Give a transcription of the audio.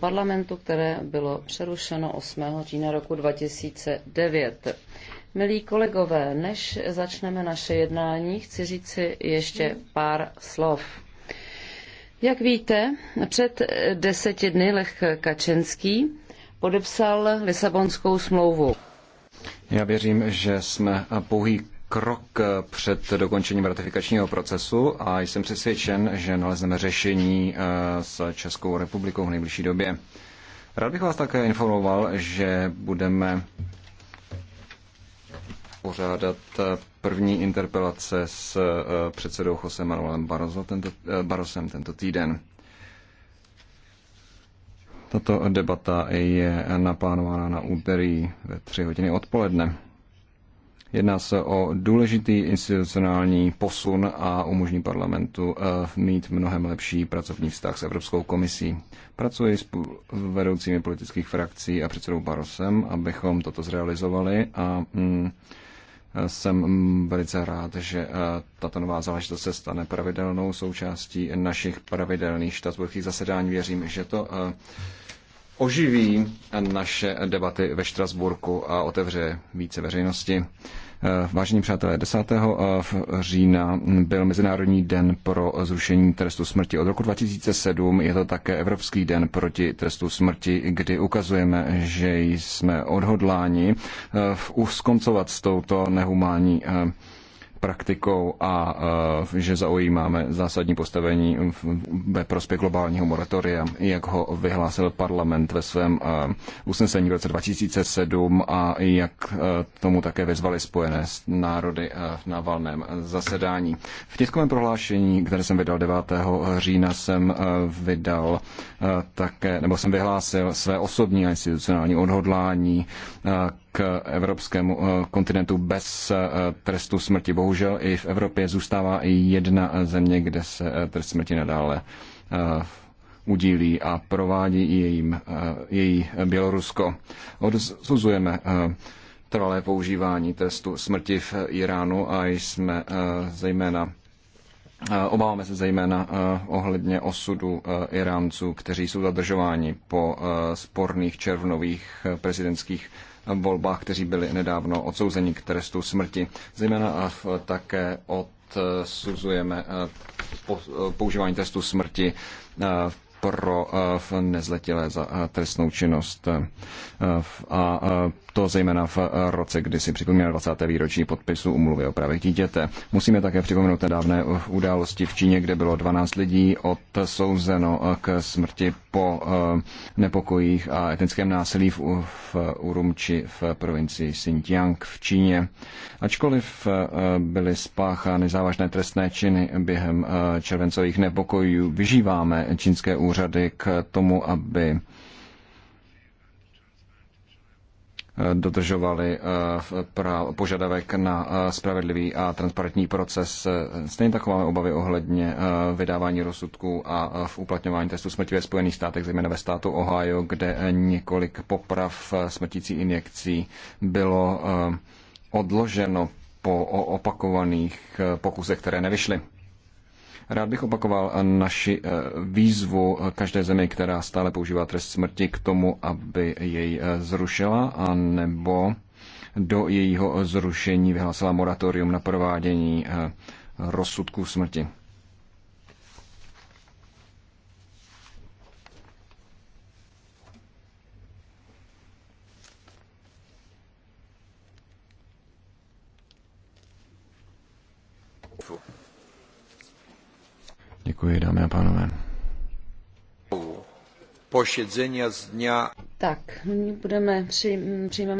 parlamentu, které bylo přerušeno 8. října roku 2009. Milí kolegové, než začneme naše jednání, chci říci ještě pár slov. Jak víte, před deseti dny Lech Kačenský podepsal Lisabonskou smlouvu. Já věřím, že jsme pouhý krok eh, před dokončením ratifikačního procesu a jsem přesvědčen, že nalezneme řešení eh, s Českou republikou v nejbližší době. Rád bych vás také informoval, že budeme pořádat eh, první interpelace s předsedou Jose Manuelem Barozo tento, Barosem tento týden. Tato debata je naplánována na úterý ve tři hodiny odpoledne. Jedná se o důležitý institucionální posun a umožní parlamentu eh, mít mnohem lepší pracovní vztah s Evropskou komisí. Pracuji s vedoucími politických frakcí a předsedou Barosem, abychom toto zrealizovali a mm, eh, jsem velice rád, že eh, tato nová záležitost se stane pravidelnou součástí našich pravidelných štatbových zasedání. Věřím, že to oživí naše debaty ve Štrasburku a otevře více veřejnosti. Eh, vážení přátelé, 10. Eh, října byl Mezinárodní den pro zrušení trestu smrti. Od roku 2007 je to také Evropský den proti trestu smrti, kdy ukazujeme, že jsme odhodláni eh, uskoncovat s touto nehumání praktikou a eh, že zaujímáme zásadní postavení ve prospěch globálního moratoria, jak ho vyhlásil parlament ve svém eh, usnesení v roce 2007 a jak eh, tomu také vyzvali spojené národy na valném zasedání. V tiskovém prohlášení, které jsem vydal 9. října, jsem vydal také, nebo jsem vyhlásil své osobní a institucionální odhodlání k evropskému eh, kontinentu bez eh, trestu smrti. Bohužel i v Evropě zůstává i jedna eh, země, kde se trest smrti nadále udílí a provádí jejím, její Bělorusko. Odsuzujeme trvalé používání trestu smrti v Iránu a jsme zejména Obáváme se zejména ohledně osudu Iránců, kteří jsou zadržováni po sporných červnových prezidentských volbách, kteří byli nedávno odsouzeni k trestu smrti. Zejména také odsuzujeme eh, používání trestu smrti v eh, pro eh, nezletilé za eh, trestnou činnost. Eh, a to zejména v roce, kdy si připomíná 20. výročí podpisu umluvy o právech dítěte. Musíme také připomenout nedávné události v Číně, kde bylo 12 lidí odsouzeno k smrti po nepokojích a etnickém násilí v Urumči v provincii Xinjiang v Číně. Ačkoliv byly spáchány závažné trestné činy během červencových nepokojů, vyžíváme čínské úřady úřady k tomu, aby dodržovali eh, požadavek na eh, spravedlivý a transparentní proces. Stejně tak máme obavy ohledně eh, vydávání rozsudků a v uplatňování testu smrti ve Spojených státech, zejména ve státu Ohio, kde několik poprav smrtící injekcí bylo odloženo po opakovaných pokusech, které nevyšly. Rád bych opakoval naši eh, výzvu eh, každé zemi, která stále používá trest smrti k tomu, aby jej eh, zrušila a nebo do jejího zrušení vyhlásila moratorium na provádění rozsudků smrti. Děkuji, dámy a pánové. Pošedzenia z dňa... Tak, nyní budeme přijímat